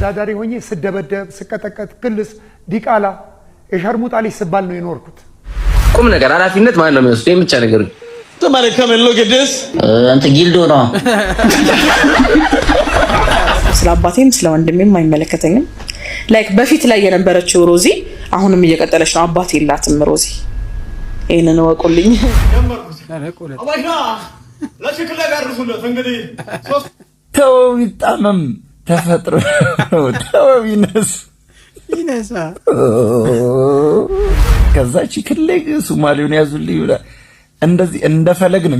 ተዳዳሪ ሆኜ ስደበደብ፣ ስቀጠቀጥ፣ ክልስ፣ ዲቃላ፣ የሸርሙጣ ልጅ ስባል ነው የኖርኩት። ቁም ነገር ኃላፊነት ማን ነው የሚወስደው? ብቻ ነገር ጊልዶ ነው። ስለ አባቴም ስለ ወንድሜም አይመለከተኝም። ላይክ በፊት ላይ የነበረችው ሮዚ አሁንም እየቀጠለች ነው። አባት የላትም ሮዚ። ይህንን እወቁልኝ። ተው ይጣመም ተፈጥሮ ይነስ ይነሳ ከዛች ሱማሌውን ያዙልኝ ብላ እንደዚህ እንደ ፈለግ ነው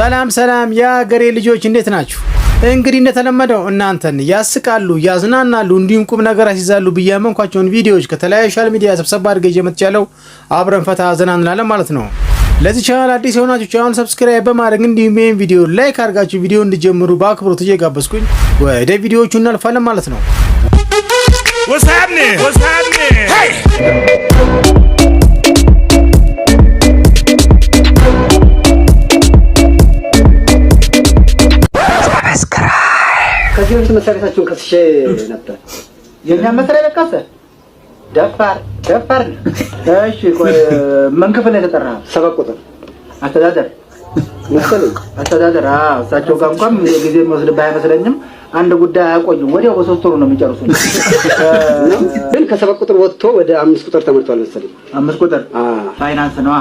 ሰላም ሰላም የአገሬ ልጆች እንዴት ናችሁ እንግዲህ እንደተለመደው እናንተን ያስቃሉ፣ ያዝናናሉ እንዲሁም ቁም ነገር ያስይዛሉ ብዬ ያመንኳቸውን ቪዲዮዎች ከተለያዩ ሶሻል ሚዲያ ሰብሰብ አድርገ ይዤ አብረን ፈታ ዘና ማለት ነው። ለዚህ ቻናል አዲስ የሆናችሁ ቻናል ሰብስክራይብ በማድረግ እንዲሁም ይህን ቪዲዮ ላይክ አድርጋችሁ ቪዲዮ እንዲጀምሩ በአክብሮት እየጋበዝኩኝ ወደ ቪዲዮዎቹ እናልፋለን ማለት ነው። ከዚህ በፊት መስሪያ ቤታችሁን ቀስሼ ነበር። የኛ መስሪያ ለቀሰ ደፋር ደፋር። እሺ ቆይ ምን ክፍል የተጠራ? ሰባት ቁጥር አስተዳደር መሰለኝ። አስተዳደር አዎ። እሳቸው ጋር እንኳን ጊዜ የሚወስድብህ አይመስለኝም። አንድ ጉዳይ አያቆይም። ወዲያው በሶስት ወሩ ነው የሚጨርሱ። ግን ከሰባት ቁጥር ወጥቶ ወደ አምስት ቁጥር ተመርቷል መሰለኝ። አምስት ቁጥር ፋይናንስ ነው። ነዋ።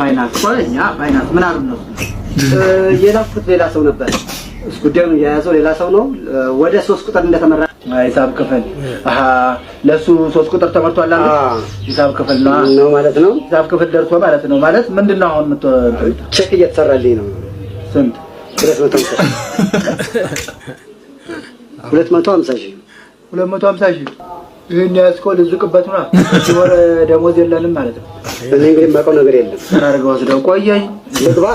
ፋይናንስ ቆይ እኛ ፋይናንስ ምን አሉ ነው የላኩት ሌላ ሰው ነበር ጉዳዩን የያዘው ሌላ ሰው ነው። ወደ ሶስት ቁጥር እንደተመራ ሂሳብ ክፍል ለሱ ሶስት ቁጥር ተመርቷል። ሂሳብ ክፍል ነው ማለት ነው። ሂሳብ ክፍል ደርሶ ማለት ነው ማለት ምንድን ነው? አሁን ቼክ እየተሰራልኝ ነው። ስንት? ሁለት መቶ ሀምሳ ሺህ ሁለት መቶ ሀምሳ ሺህ ይህን ያዝከው ልዝቅበት ና ወር ደሞዝ የለንም ማለት ነው። እኔ እንግዲህ የማውቀው ነገር የለም። አድርገው ወስደው ቆየኝ ልግባ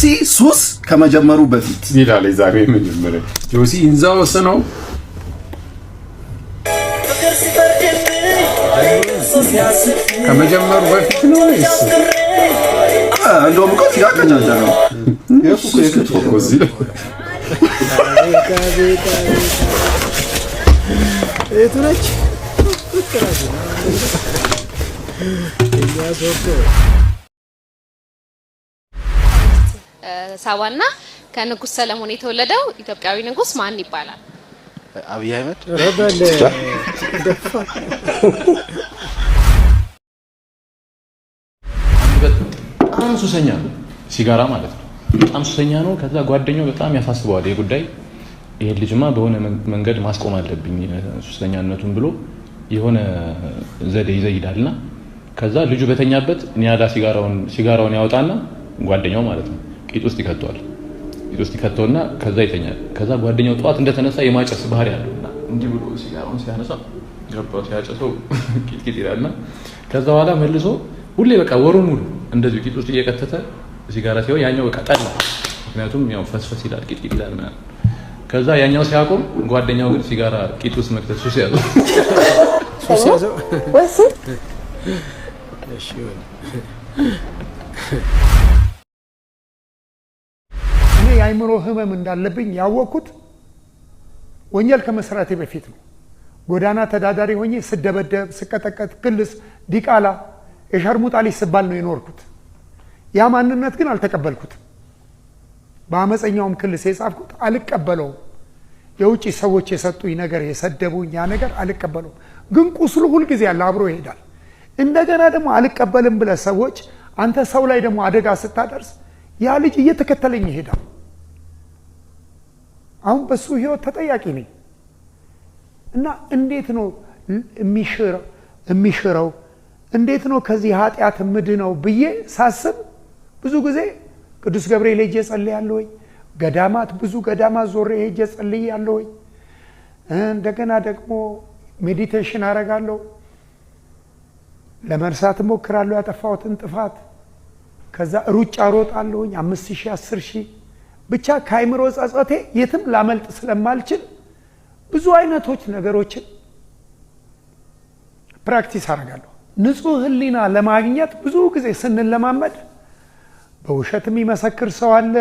ጆሲ ሱስ ከመጀመሩ በፊት ይላል ዛሬ መጀመሪያ ጆሲ ኢንዛ ወሰነው ከመጀመሩ በፊት ነው ወይስ እንደውም እኮ ያቀኛጃ ነው የቱ ነች ሳባና ከንጉስ ሰለሞን የተወለደው ኢትዮጵያዊ ንጉስ ማን ይባላል? አብይ አህመድ። በጣም ሱሰኛ ነው፣ ሲጋራ ማለት ነው። በጣም ሱሰኛ ነው። ከዛ ጓደኛው በጣም ያሳስበዋል ይህ ጉዳይ። ይሄን ልጅማ በሆነ መንገድ ማስቆም አለብኝ ሱሰኛነቱን ብሎ የሆነ ዘዴ ይዘይዳልና ከዛ ልጁ በተኛበት ኒያላ ሲጋራውን ያወጣና ጓደኛው ማለት ነው ቂጥ ውስጥ ይከተዋል። ቂጥ ውስጥ ይከተውና ከዛ ይተኛል። ከዛ ጓደኛው ጠዋት እንደተነሳ የማጨስ ባህሪ ያለው እና እንዲህ ብሎ ሲጋሩን ሲያነሳ ገባ ሲያጨሰው ቂጥቂጥ ይላልና ከዛ በኋላ መልሶ ሁሌ በቃ ወሩን ሙሉ እንደዚሁ ቂጥ ውስጥ እየቀተተ ሲጋራ ሲሆን ያኛው በቃ ጠላ፣ ምክንያቱም ያው ፈስፈስ ይላል ቂጥቂጥ ይላል ምናምን። ከዛ ያኛው ሲያቆም ጓደኛው ግን ሲጋራ ቂጥ ውስጥ መክተት ሱስ ያዘው ሱስ ያዘው። እሺ ወይ የአይምሮ ህመም እንዳለብኝ ያወቅኩት ወንጀል ከመስራቴ በፊት ነው። ጎዳና ተዳዳሪ ሆኜ ስደበደብ፣ ስቀጠቀጥ፣ ክልስ፣ ዲቃላ፣ የሸርሙጣ ስባል ነው የኖርኩት። ያ ማንነት ግን አልተቀበልኩትም። በአመፀኛውም ክልስ የጻፍኩት አልቀበለውም። የውጭ ሰዎች የሰጡኝ ነገር የሰደቡኝ ያ ነገር አልቀበለውም። ግን ቁስሉ ሁልጊዜ ያለ አብሮ ይሄዳል። እንደገና ደግሞ አልቀበልም ብለህ ሰዎች አንተ ሰው ላይ ደግሞ አደጋ ስታደርስ ያ ልጅ እየተከተለኝ ይሄዳል። አሁን በሱ ህይወት ተጠያቂ ነኝ እና እንዴት ነው የሚሽረው? እንዴት ነው ከዚህ ኃጢአት ምድነው ብዬ ሳስብ ብዙ ጊዜ ቅዱስ ገብርኤል ሄጄ ጸልያለሁ ወይ ገዳማት ብዙ ገዳማት ዞሬ ሄጄ ጸልያለሁ ወይ እንደገና ደግሞ ሜዲቴሽን አረጋለሁ ለመርሳት እሞክራለሁ ያጠፋሁትን ጥፋት ከዛ ሩጫ ሮጣለሁኝ አምስት ሺህ አስር ሺህ ብቻ ከአይምሮ ጸጸቴ የትም ላመልጥ ስለማልችል ብዙ አይነቶች ነገሮችን ፕራክቲስ አደርጋለሁ። ንጹህ ህሊና ለማግኘት ብዙ ጊዜ ስንለማመድ በውሸት የሚመሰክር ሰው አለ፣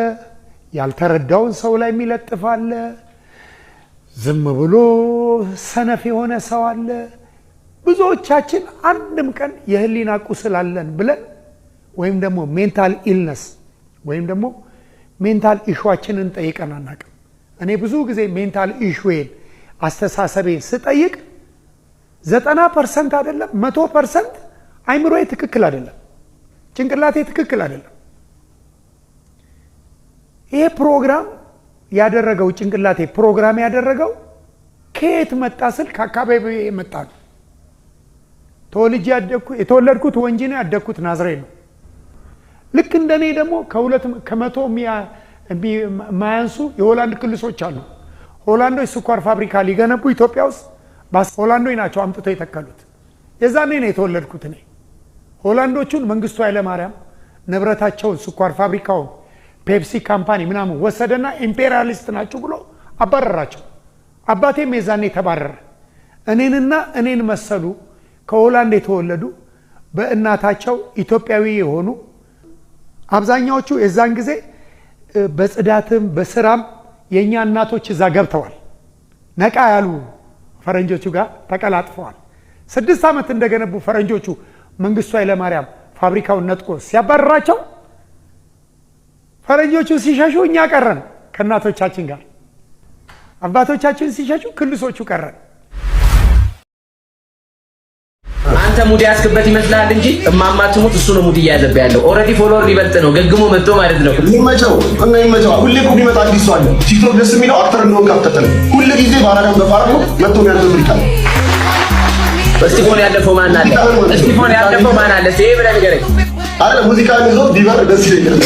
ያልተረዳውን ሰው ላይ የሚለጥፍ አለ፣ ዝም ብሎ ሰነፍ የሆነ ሰው አለ። ብዙዎቻችን አንድም ቀን የህሊና ቁስል አለን ብለን ወይም ደግሞ ሜንታል ኢልነስ ወይም ደግሞ ሜንታል ኢሹዋችንን ጠይቀን አናቅም። እኔ ብዙ ጊዜ ሜንታል ኢሹዌን አስተሳሰቤን ስጠይቅ ዘጠና ፐርሰንት አይደለም መቶ ፐርሰንት አይምሮዬ ትክክል አይደለም፣ ጭንቅላቴ ትክክል አይደለም። ይሄ ፕሮግራም ያደረገው ጭንቅላቴ ፕሮግራም ያደረገው ከየት መጣ ስል ከአካባቢ መጣ ነው። ተወልጄ ያደግኩ የተወለድኩት ወንጂ ነው፣ ያደግኩት ናዝሬት ነው። ልክ እንደኔ ደግሞ ከሁለት ከመቶ የማያንሱ የሆላንድ ክልሶች አሉ። ሆላንዶች ስኳር ፋብሪካ ሊገነቡ ኢትዮጵያ ውስጥ ሆላንዶች ናቸው አምጥተው የተከሉት። የዛኔ ነው የተወለድኩት እኔ። ሆላንዶቹን መንግስቱ ኃይለማርያም ንብረታቸውን ስኳር ፋብሪካውን ፔፕሲ ካምፓኒ ምናምን ወሰደና ኢምፔሪያሊስት ናችሁ ብሎ አባረራቸው። አባቴም የዛኔ ተባረረ። እኔንና እኔን መሰሉ ከሆላንድ የተወለዱ በእናታቸው ኢትዮጵያዊ የሆኑ አብዛኛዎቹ የዛን ጊዜ በጽዳትም በስራም የእኛ እናቶች እዛ ገብተዋል። ነቃ ያሉ ፈረንጆቹ ጋር ተቀላጥፈዋል። ስድስት ዓመት እንደገነቡ ፈረንጆቹ መንግስቱ ኃይለማርያም ፋብሪካውን ነጥቆ ሲያባረራቸው ፈረንጆቹ ሲሸሹ እኛ ቀረን ከእናቶቻችን ጋር አባቶቻችን ሲሸሹ ክልሶቹ ቀረን። አንተ ሙድ ያስክበት ይመስላል እንጂ እማማ ትሙት እሱ ነው ሙድ እያዘብህ ያለው። ኦልሬዲ ፎሎወር ሊበልጥ ነው ገግሞ መጥቶ ማለት ነው። ይመቸው እና ይመቸው። ሁሌ እኮ ቢመጣ አዲስ ሰው አለ። ቲክቶክ ደስ የሚለው አክተር እንደሆነ ካፍተተን ሁሉ ጊዜ ባራዳም በፋራ ነው መጥቶ ነው ያዘው ይልካል። እስጢፎን ያለፈው ማን አለ? እስጢፎን ያለፈው ማን አለ? ይሄ ብለህ ንገረኝ። አረ ሙዚቃ ይዞ ቢበር ደስ ይለኛል።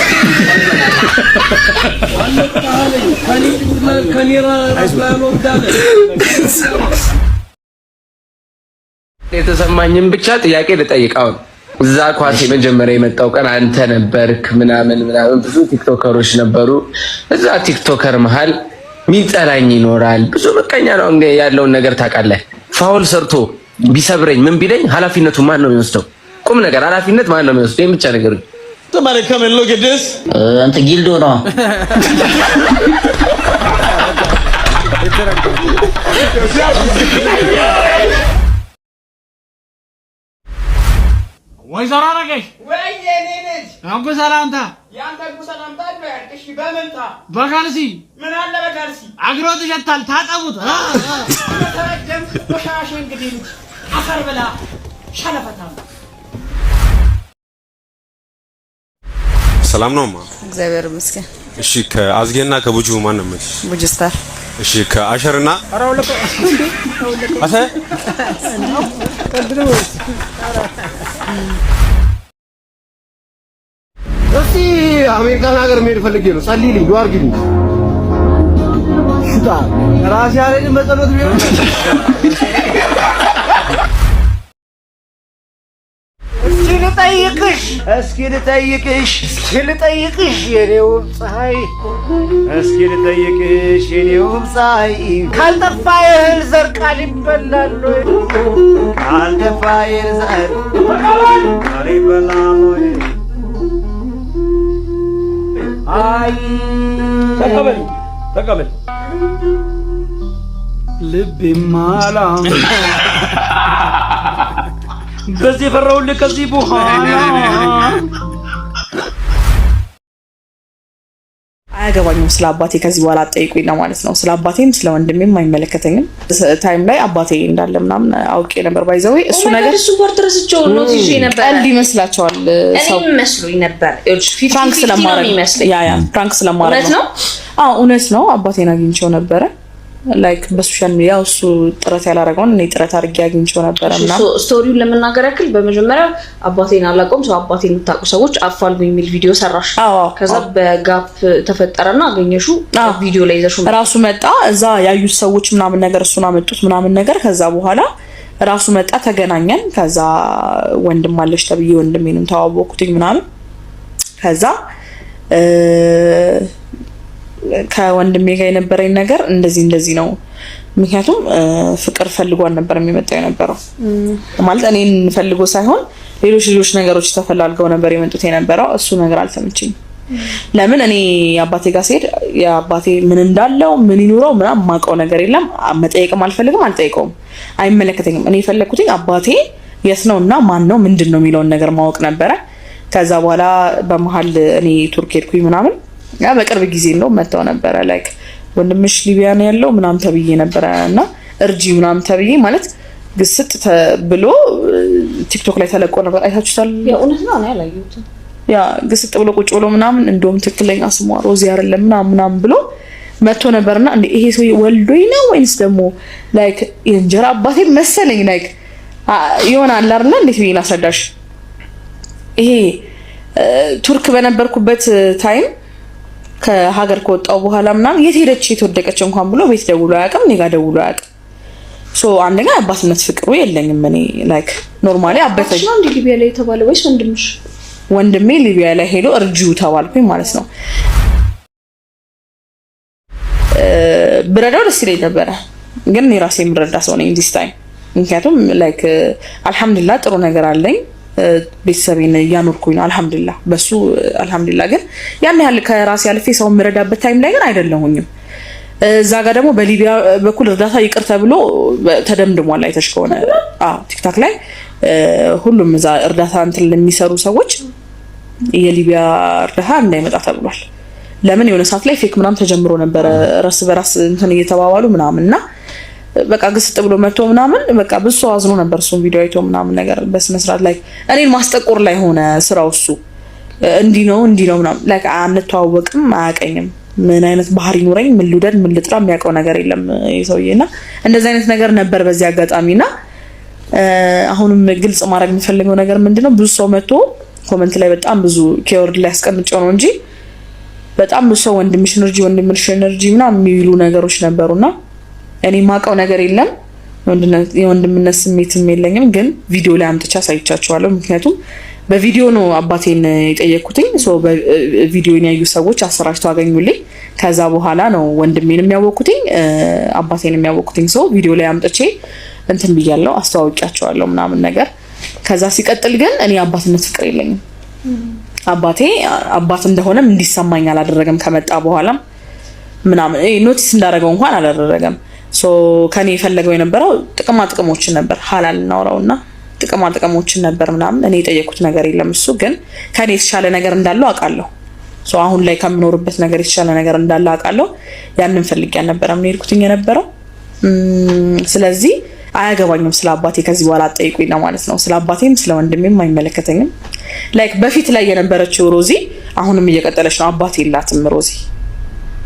ከኔ ከኔ ራስ ላይ ነው የተሰማኝም ብቻ ጥያቄ ልጠይቃው እዛ ኳስ የመጀመሪያ የመጣው ቀን አንተ ነበርክ ምናምን ምናምን፣ ብዙ ቲክቶከሮች ነበሩ። እዛ ቲክቶከር መሀል ሚጠላኝ ይኖራል። ብዙ ምቀኛ ነው ያለውን ነገር ታውቃለህ። ፋውል ሰርቶ ቢሰብረኝ ምን ቢለኝ ኃላፊነቱ ማን ነው የሚወስደው? ቁም ነገር ኃላፊነት ማን ነው የሚወስደው? ብቻ ነገር አንተ ጊልዶ ነው ወይ ዘራ ረገሽ ወይ የኔ ነች አንኩ ሰላምታ ያንተ አንኩ ሰላምታ እሺ፣ በመምጣ በካልሲ ምን አለ በካልሲ አግሮ ትሸታል ታጠቡት ተረጀም ቆሻሽ እንግዲህ ልጅ አፈር ብላ ሸለፈታ ሰላም ነው ማ እግዚአብሔር ይመስገን። እሺ፣ ከአዝጌና ከቡጁ ማን ነው የምልሽ? ቡጁ ስታር እሺ ከአሸርና አራውለቆ እስቲ አሜሪካን ሀገር መሄድ ፈልጌ ነው። ጸልይልኝ፣ ዱአ አድርጊልኝ። ሹታ ራሴ አለኝ በጸሎት ቢሆን ልጠይቅሽ እስኪ ልጠይቅሽ እስኪ ልጠይቅሽ የኔ ውብ ፀሐይ እስኪ ልጠይቅሽ የኔ ውብ ፀሐይ ካልጠፋ የእህል ዘር ቃል ይበላል ካልጠፋ የእህል ዘር ቃል ይበላል አይ ተቀበል ተቀበል ልቤ ማላ በዚህ የፈራሁልህ ከዚህ በኋላ አያገባኝም ስለ አባቴ ከዚህ በኋላ አጠይቁኝ ነው ማለት ነው። ስለ አባቴም ስለ ወንድሜም አይመለከተኝም። ታይም ላይ አባቴ እንዳለ ምናምን አውቄ ነበር። ባይዘዌ እሱ ነገር ቀልድ ይመስላቸዋል ፍራንክ ስለማረግ ነው። እውነት ነው አባቴን አግኝቼው ነበረ ላይክ በሶሻል ሚዲያ እሱ ጥረት ያላረገውን እኔ ጥረት አድርጌ አግኝቼው ነበረ። ስቶሪውን ለመናገር ያክል በመጀመሪያ አባቴን አላውቀውም ሰው አባቴ የምታውቁ ሰዎች አፋልጉኝ የሚል ቪዲዮ ሰራሽ። ከዛ በጋፕ ተፈጠረና አገኘሹ ቪዲዮ ላይ ይዘሹ ራሱ መጣ። እዛ ያዩት ሰዎች ምናምን ነገር እሱን አመጡት ምናምን ነገር። ከዛ በኋላ ራሱ መጣ፣ ተገናኘን። ከዛ ወንድም አለሽ ተብዬ ወንድሜንም ተዋወቅኩትኝ ምናምን ከዛ ከወንድሜ ጋር የነበረኝ ነገር እንደዚህ እንደዚህ ነው። ምክንያቱም ፍቅር ፈልጓል ነበር የሚመጣው የነበረው ማለት እኔን ፈልጎ ሳይሆን ሌሎች ሌሎች ነገሮች ተፈላልገው ነበር የመጡት የነበረው። እሱ ነገር አልተመቸኝም። ለምን እኔ የአባቴ ጋር ስሄድ የአባቴ ምን እንዳለው ምን ይኑረው ምናምን የማውቀው ነገር የለም። መጠየቅም አልፈልግም፣ አልጠይቀውም፣ አይመለከተኝም። እኔ የፈለግኩትኝ አባቴ የት ነው እና ማን ነው ምንድን ነው የሚለውን ነገር ማወቅ ነበረ። ከዛ በኋላ በመሀል እኔ ቱርክ ሄድኩኝ ምናምን ያ በቅርብ ጊዜ ነው መጣው ነበረ ላይክ ወንድምሽ ሊቢያ ነው ያለው ምናም ተብዬ ነበረ እና እርጂ ምናም ተብዬ ማለት ግስጥ ብሎ ቲክቶክ ላይ ተለቆ ነበር። አይታችሁታል? የእውነት ነው አላየሁትም። ያ ግስጥ ብሎ ቁጭ ብሎ ምናምን እንደውም ትክክለኛ ስሟ ሮዚ አይደለም ምናም ምናም ብሎ መጥቶ ነበርና እንዴ ይሄ ሰው ወልዶኝ ነው ወይንስ ደግሞ ላይክ የእንጀራ አባቴ መሰለኝ ላይክ የሆነ አለ አይደል? እንዴት ብዬ ላስረዳሽ ይሄ ቱርክ በነበርኩበት ታይም ከሀገር ከወጣው በኋላ ምናምን የት ሄደች የተወደቀች እንኳን ብሎ ቤት ደውሎ አያውቅም፣ እኔ ጋ ደውሎ አያውቅም። ሶ አንደኛ አባትነት ፍቅሩ የለኝም። እኔ ላይክ ኖርማሊ አበተኝ ነው እንዴ ሊቢያ ላይ የተባለ ወይስ ወንድምሽ? ወንድሜ ሊቢያ ላይ ሄዶ እርጁ ተባልኩኝ ማለት ነው። ብረዳው ደስ ይለኝ ነበረ፣ ግን ራሴ የምረዳ ሰው ነኝ ዲስ ታይም። ምክንያቱም ላይክ አልሐምዱሊላህ ጥሩ ነገር አለኝ ቤተሰቤን እያኖርኩኝ ነው። አልሐምዱላ በሱ አልሐምዱላ። ግን ያን ያህል ከራሴ አልፌ ሰው የምረዳበት ታይም ላይ ግን አይደለሁኝም። እዛ ጋር ደግሞ በሊቢያ በኩል እርዳታ ይቅር ተብሎ ተደምድሟል። አይተሽ ከሆነ ቲክታክ ላይ ሁሉም እዛ እርዳታ እንትን ለሚሰሩ ሰዎች የሊቢያ እርዳታ እንዳይመጣ ተብሏል። ለምን የሆነ ሰዓት ላይ ፌክ ምናምን ተጀምሮ ነበረ እርስ በራስ እንትን እየተባባሉ ምናምን እና በቃ ግስጥ ብሎ መቶ ምናምን በቃ ብሶ አዝኖ ነበር። እሱም ቪዲዮ አይቶ ምናምን ነገር በስነ ስርዓት ላይ እኔን ማስጠቆር ላይ ሆነ ስራው። እሱ እንዲህ ነው እንዲህ ነው ምናምን ላይ አንተዋወቅም፣ አያቀኝም። ምን አይነት ባህሪ ኑረኝ፣ ምን ልውደድ፣ ምን ልጥራ፣ የሚያውቀው ነገር የለም ሰውዬ። እና እንደዚህ አይነት ነገር ነበር በዚህ አጋጣሚ። እና አሁንም ግልጽ ማድረግ የሚፈልገው ነገር ምንድነው ብዙ ሰው መቶ ኮመንት ላይ በጣም ብዙ ኬወርድ ላይ ያስቀምጨው ነው እንጂ በጣም ብዙ ሰው ወንድምሽ ኤነርጂ፣ ወንድምሽ ኤነርጂ ምናምን የሚሉ ነገሮች ነበሩና እኔ የማውቀው ነገር የለም የወንድምነት ስሜትም የለኝም። ግን ቪዲዮ ላይ አምጥቻ አሳይቻቸዋለሁ። ምክንያቱም በቪዲዮ ነው አባቴን የጠየኩትኝ ቪዲዮ ያዩ ሰዎች አሰራጭተው አገኙልኝ። ከዛ በኋላ ነው ወንድሜን የሚያወቁትኝ አባቴን የሚያወቁትኝ። ሰው ቪዲዮ ላይ አምጥቼ እንትን ብያለው፣ አስተዋውቂያቸዋለሁ ምናምን ነገር። ከዛ ሲቀጥል ግን እኔ አባትነት ፍቅር የለኝም። አባቴ አባት እንደሆነም እንዲሰማኝ አላደረገም። ከመጣ በኋላም ምናምን ኖቲስ እንዳደረገው እንኳን አላደረገም። ከኔ የፈለገው የነበረው ጥቅማ ጥቅሞችን ነበር። ሀላል እናውራው እና ጥቅማ ጥቅሞችን ነበር ምናምን። እኔ የጠየኩት ነገር የለም። እሱ ግን ከኔ የተሻለ ነገር እንዳለው አውቃለሁ። አሁን ላይ ከምኖርበት ነገር የተሻለ ነገር እንዳለ አውቃለሁ። ያንን ፈልጌ አልነበረም ሄድኩትኝ የነበረው። ስለዚህ አያገባኝም ስለ አባቴ ከዚህ በኋላ አጠይቁኝ ለማለት ነው። ስለ አባቴም ስለ ወንድሜም አይመለከተኝም። ላይክ በፊት ላይ የነበረችው ሮዚ አሁንም እየቀጠለች ነው። አባቴ የላትም ሮዚ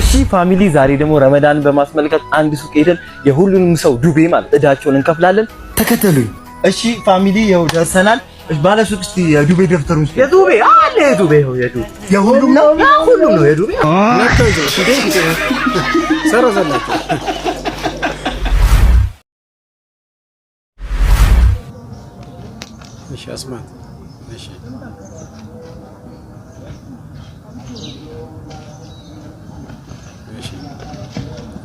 እሺ ፋሚሊ ዛሬ ደግሞ ረመዳንን በማስመልከት አንድ ሱቅ ሄደን የሁሉንም ሰው ዱቤ ማለት እዳቸውን እንከፍላለን። ተከተሉኝ። እሺ ፋሚሊ ይኸው ደርሰናል። ባለ ሱቅ እስቲ የዱቤ ደብተሩን እስቲ የዱቤ አለ የዱቤ ይኸው የዱቤ የሁሉም ነው ሁሉም ነው የዱቤ ሰረዘላቸው። እሺ አስማት እሺ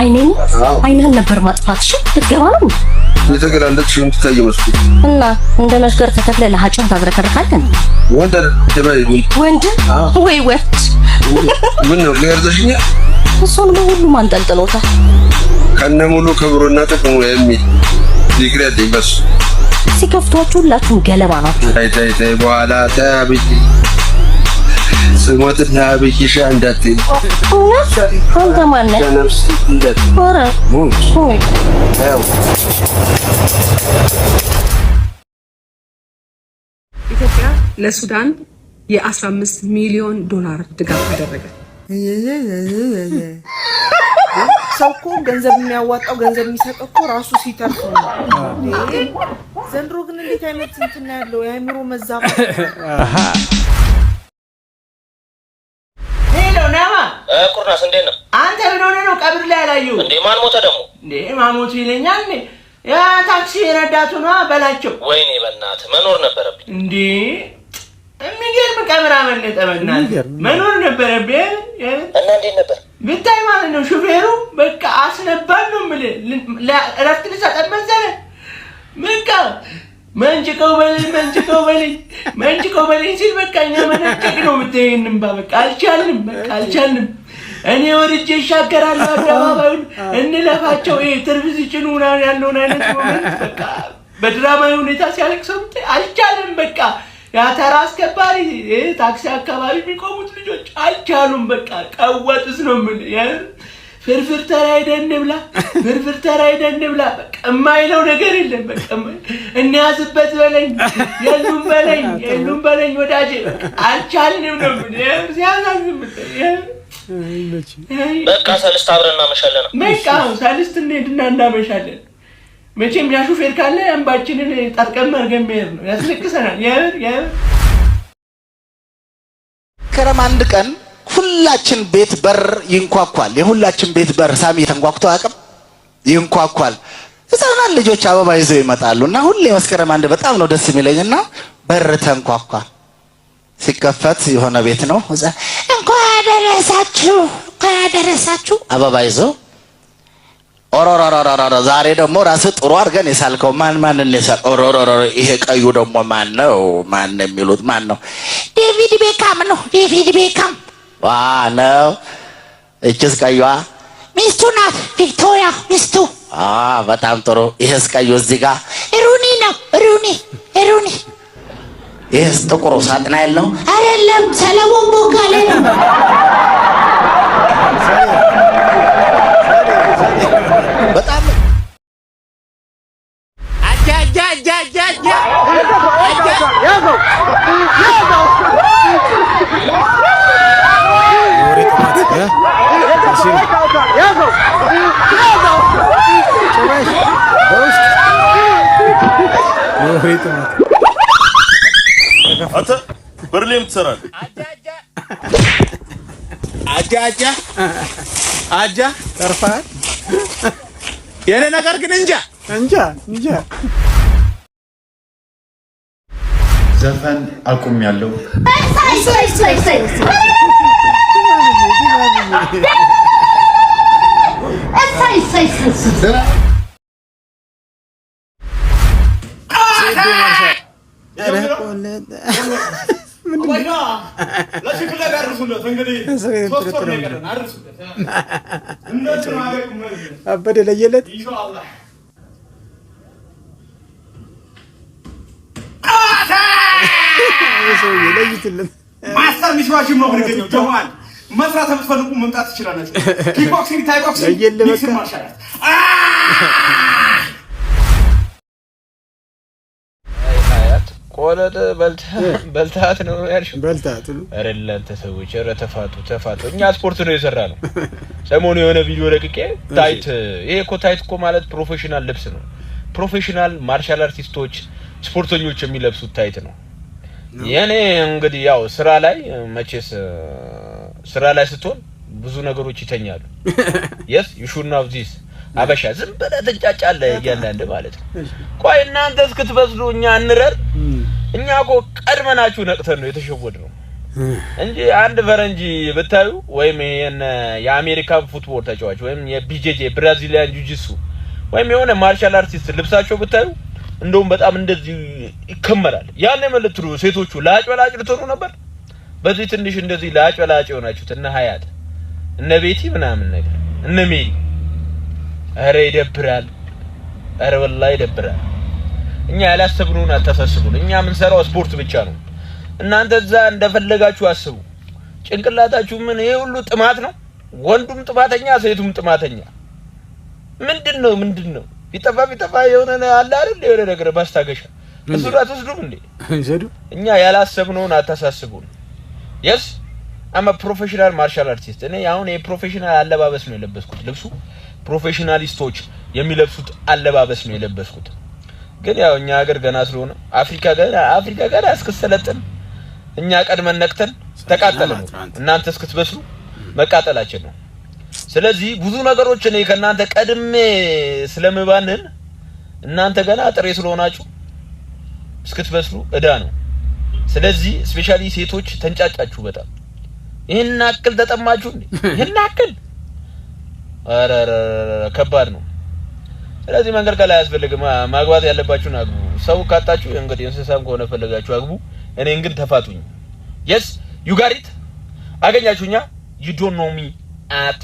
አይኔን አይንህን ነበር ማጥፋት። እሺ ልትገባ ነው የተገላለጥሽ የምትታይ መስሎኝ እና እንደ መሽገር ተተክለ ለሀጮን ታዝረከርካለን። ወንድ ወንድ ወይ ወንድ ምን ነው ሊያርዘሽኛ እሱን በሁሉም አንጠልጥሎታል። ከነ ሙሉ ክብሩና ጥቅሙ የሚል ዲግሪ አለኝ በሱ ሲከፍቷችሁ ሁላችሁም ገለባ ናችሁ። ተይ ተይ ተይ በኋላ ተያብኝ ስሞትና አብይሻ እንዳትይ አንተ ማነህ? ኢትዮጵያ ለሱዳን የ15 ሚሊዮን ዶላር ድጋፍ አደረገ። ሰው እኮ ገንዘብ የሚያዋጣው ገንዘብ የሚሰጠው እኮ ራሱ ሲተርፍ ነው። ዘንድሮ ግን እንዴት አይነት እንትን ያለው የአእምሮ መዛባት ቁርናስ እንዴት ነው አንተ? ምን ሆነህ ነው? ቀብር ላይ አላየሁም እንዴ? ማን ሞተ ደግሞ እንዴ? ማን ሞቱ ይለኛል? ያ ታክሲ ረዳቱ ነዋ በላቸው። ወይኔ በእናትህ መኖር ነበረብኝ እንዴ! የሚገርም ቀብር አመለጠ። በእናትህ መኖር ነበረብኝ። እና እንዴት ነበር ብታይ ማለት ነው። ሹፌሩ በቃ አስነባን ነው የምልህ። እረፍት ልሰጠን መሰለህ በቃ መንጭቀው በልኝ መንጭቀው በልኝ መንጭቀው በልኝ ሲል በቃ እኛ መነጨቅ ነው የምትሄን። በቃ አልቻልንም፣ በቃ አልቻልንም። እኔ ወርጄ ይሻገራሉ አደባባዩን እንለፋቸው። ይሄ ትርቪዝችን ሆና ያለውን አይነት ሞመንት በቃ በድራማዊ ሁኔታ ሲያለቅሰው አልቻለም። በቃ ያ ተራ አስከባሪ ታክሲ አካባቢ የሚቆሙት ልጆች አልቻሉም። በቃ ቀወጥስ ነው ምን ፍርፍር ተራ ሄደን እንብላ፣ ፍርፍር ተራ ሄደን እንብላ። በቃ የማይለው ነገር የለም። በቃ እንያዝበት በለኝ፣ የሉም በለኝ፣ የሉም በለኝ ወዳጄ፣ አልቻልንም ነው ምን ሲያዛዝም በቃ ሰልስት አብረን እናመሻለን። በቃ ሰልስት እንሄድና እናመሻለን። መቼም ያ ሹፌር ካለ አንባችንን ጣጥቀም አድርገን መሄድ ነው። ያስለቅሰናል። የምር የምር ከረም አንድ ቀን ሁላችን ቤት በር ይንኳኳል። የሁላችን ቤት በር ሳሚ ተንኳኩቶ አቅም ይንኳኳል። ህፃናት ልጆች አበባ ይዘው ይመጣሉ እና ሁሌ መስከረም አንድ በጣም ነው ደስ የሚለኝ እና በር ተንኳኳ። ሲከፈት የሆነ ቤት ነው ካደረሳችሁ ካደረሳችሁ አበባ ይዞ ኦሮሮሮሮሮ ዛሬ ደግሞ ራስ ጥሩ አድርገን የሳልከው ማን ማን የሳል ኦሮሮሮሮ ይሄ ቀዩ ደግሞ ማን ነው? ማን ነው የሚሉት ማን ነው? ዴቪድ ቤካም ነው። ዴቪድ ቤካም ዋ ነው። እችስ ቀዩዋ ሚስቱ ናት። ቪክቶሪያ ሚስቱ። በጣም ጥሩ። ይሄስ ቀዩ እዚህ ጋር ሩኒ ነው። ሩኒ ሩኒ Yes, toko kuro sa atin ayon lang. Ayon lang, sa lamang mong galing. Ya, ya, ya, ya, ya, ya, ya, ya, ya, ya, ya, ya, ya, ya, ya, ya, ya, ya, ya, አንተ በር ላይ አጃ አጃ አጃ የኔ ነገር ግን እንጃ እንጃ እንጃ። ዘፈን አቁም ያለው አበደ ለየለት ማስተር ሚሽዋሽም ነው ምንገኘው ደዋል መስራት የምትፈልጉ መምጣት ትችላላችሁ። ኪክቦክሲንግ፣ ታይቦክሲንግ ሚክስን ማሻላት ቆለጥ በልታት ነው ያልሽ? በልታት ነው እናንተ ሰዎች። ኧረ ተፋቱ ተፋቱ። እኛ ስፖርት ነው የሰራ ነው። ሰሞኑ የሆነ ቪዲዮ ለቅቄ ታይት። ይሄ እኮ ታይት እኮ ማለት ፕሮፌሽናል ልብስ ነው። ፕሮፌሽናል ማርሻል አርቲስቶች ስፖርተኞች የሚለብሱት ታይት ነው። የኔ እንግዲህ ያው ስራ ላይ መቼስ ስራ ላይ ስትሆን ብዙ ነገሮች ይተኛሉ። የስ ዩሹና ዚስ አበሻ ዝም ብለህ ትንጫጫለህ እያንዳንድ ማለት ነው። ቆይ እናንተ እስክትበስሉ እኛ እንረር እኛ እኮ ቀድመናችሁ ነቅተን ነው የተሸወድ ነው እንጂ አንድ ፈረንጅ ብታዩ ወይም ይሄን የአሜሪካን ፉትቦል ተጫዋች ወይም የቢጄጄ ብራዚሊያን ጁጂሱ ወይም የሆነ ማርሻል አርቲስት ልብሳቸው ብታዩ እንደውም በጣም እንደዚህ ይከመራል። ያን የመለትሩ ሴቶቹ ላጭበላጭ ልትሆኑ ነበር። በዚህ ትንሽ እንደዚህ ላጭበላጭ የሆናችሁት እነ ሀያት እነ ቤቲ ምናምን ነገር እነ ሜሪ፣ ኧረ ይደብራል። ኧረ ወላሂ ይደብራል። እኛ ያላሰብነውን አታሳስቡን። እኛ የምንሰራው ስፖርት ብቻ ነው። እናንተ እዛ እንደፈለጋችሁ አስቡ። ጭንቅላታችሁ ምን ይሄ ሁሉ ጥማት ነው። ወንዱም ጥማተኛ፣ ሴቱም ጥማተኛ። ምንድን ነው ምንድን ነው ቢጠፋ ቢጠፋ የሆነ አለ አይደል የሆነ ነገር ማስታገሻ እሱ አትወስዱም እንዴ? እኛ ያላሰብነውን አታሳስቡን። የስ አማ ፕሮፌሽናል ማርሻል አርቲስት እኔ አሁን የፕሮፌሽናል አለባበስ ነው የለበስኩት። ልብሱ ፕሮፌሽናሊስቶች የሚለብሱት አለባበስ ነው የለበስኩት። ግን ያው እኛ ሀገር ገና ስለሆነ አፍሪካ ገና አፍሪካ ገና እስክሰለጥን እኛ ቀድመን ነቅተን ተቃጠለ ነው። እናንተ እስክትበስሉ መቃጠላችን ነው። ስለዚህ ብዙ ነገሮች እኔ ከእናንተ ቀድሜ ስለምባንን እናንተ ገና ጥሬ ስለሆናችሁ እስክትበስሉ እዳ ነው። ስለዚህ ስፔሻሊ ሴቶች ተንጫጫችሁ በጣም ይህን አክል ተጠማችሁ። ይህን አክል ከባድ ነው። ስለዚህ መንቀልቀል አያስፈልግም። ማግባት ያለባችሁን አግቡ። ሰው ካጣችሁ እንግዲህ እንስሳም ከሆነ ፈለጋችሁ አግቡ። እኔ እንግድ ተፋቱኝ። የስ ዩ ጋሪት አገኛችሁኛ። ዩ ዶንት ኖ ሚ አት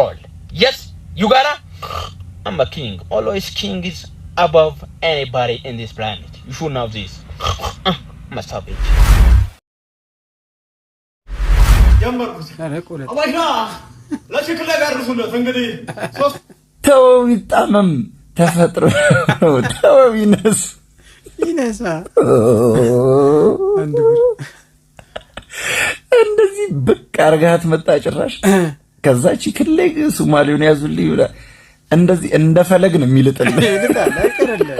ኦል የስ ዩ ጋራ አም ኪንግ ኦልዌይስ ኪንግ ኢዝ አባቭ ኤኒባዲ ኢን ዲስ ፕላኔት ዩ ሹድ ናው ዚስ መሳቤት ጀመርኩት ለሽክለ ጋር እንግዲህ ሰው ይጣመም ተፈጥሮ ይነሳ እንደዚህ ብቅ አርጋት መጣ ጭራሽ። ከዛች ክልል ሱማሌውን ያዙልኝ ብላ እንደዚህ እንደ ፈለግ ነው የሚልጥል ይልጣል ነው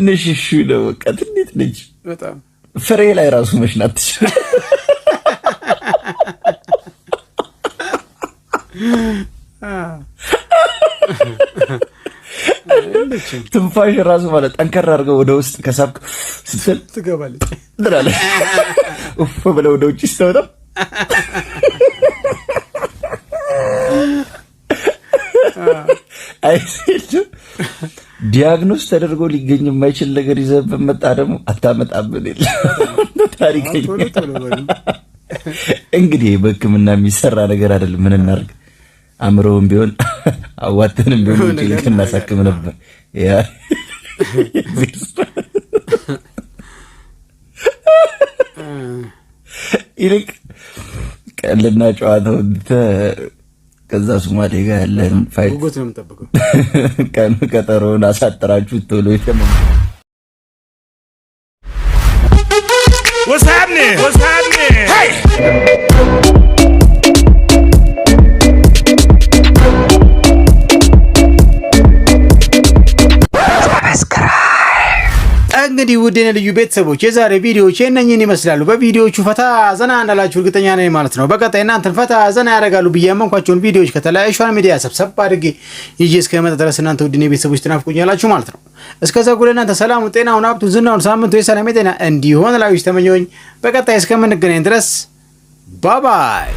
በቃ ልጅ ፍሬ ላይ ራሱ መሽናት ትንፋሽ ራሱ ማለት ጠንከር አድርገው ወደ ውስጥ ከሳብክ ስትል ትገባለች። ብለህ ወደ ውጭ ስትወጣ አይሰልም። ዲያግኖስ ተደርጎ ሊገኝ የማይችል ነገር ይዘህ በመጣ ደግሞ አታመጣብን የለ ታሪከኛ። እንግዲህ በሕክምና የሚሰራ ነገር አይደለም። ምን እናርግ? አእምሮውም ቢሆን አዋተንም ቢሆን ውጭ ልክ እናሳክም ነበር። ይልቅ ቀልና ጨዋታ ወድተህ ከዛ ሱማሌ ጋር ያለን ፋይት ቀኑ ቀጠሮውን አሳጥራችሁ ቶሎ የተመ What's happening? What's happening? Hey! እንግዲህ ውድን ልዩ ቤተሰቦች የዛሬ ቪዲዮዎች የእነኝን ይመስላሉ። በቪዲዮቹ ፈታ ዘና እንዳላችሁ እርግጠኛ ነኝ ማለት ነው። በቀጣይ እናንተን ፈታ ዘና ያደርጋሉ ብዬ ያመንኳቸውን ቪዲዮዎች ከተለያዩ ሶሻል ሚዲያ ሰብሰብ አድርጌ ይዤ እስከመጣ ድረስ እናንተ ውድን ቤተሰቦች ትናፍቁኛላችሁ ማለት ነው። እስከዛ ጉል እናንተ ሰላሙን፣ ጤናውን፣ ሀብቱን፣ ዝናውን ሳምንቱ የሰላም የጤና እንዲሆን ላዮች ተመኘሁኝ። በቀጣይ እስከምንገናኝ ድረስ ባባይ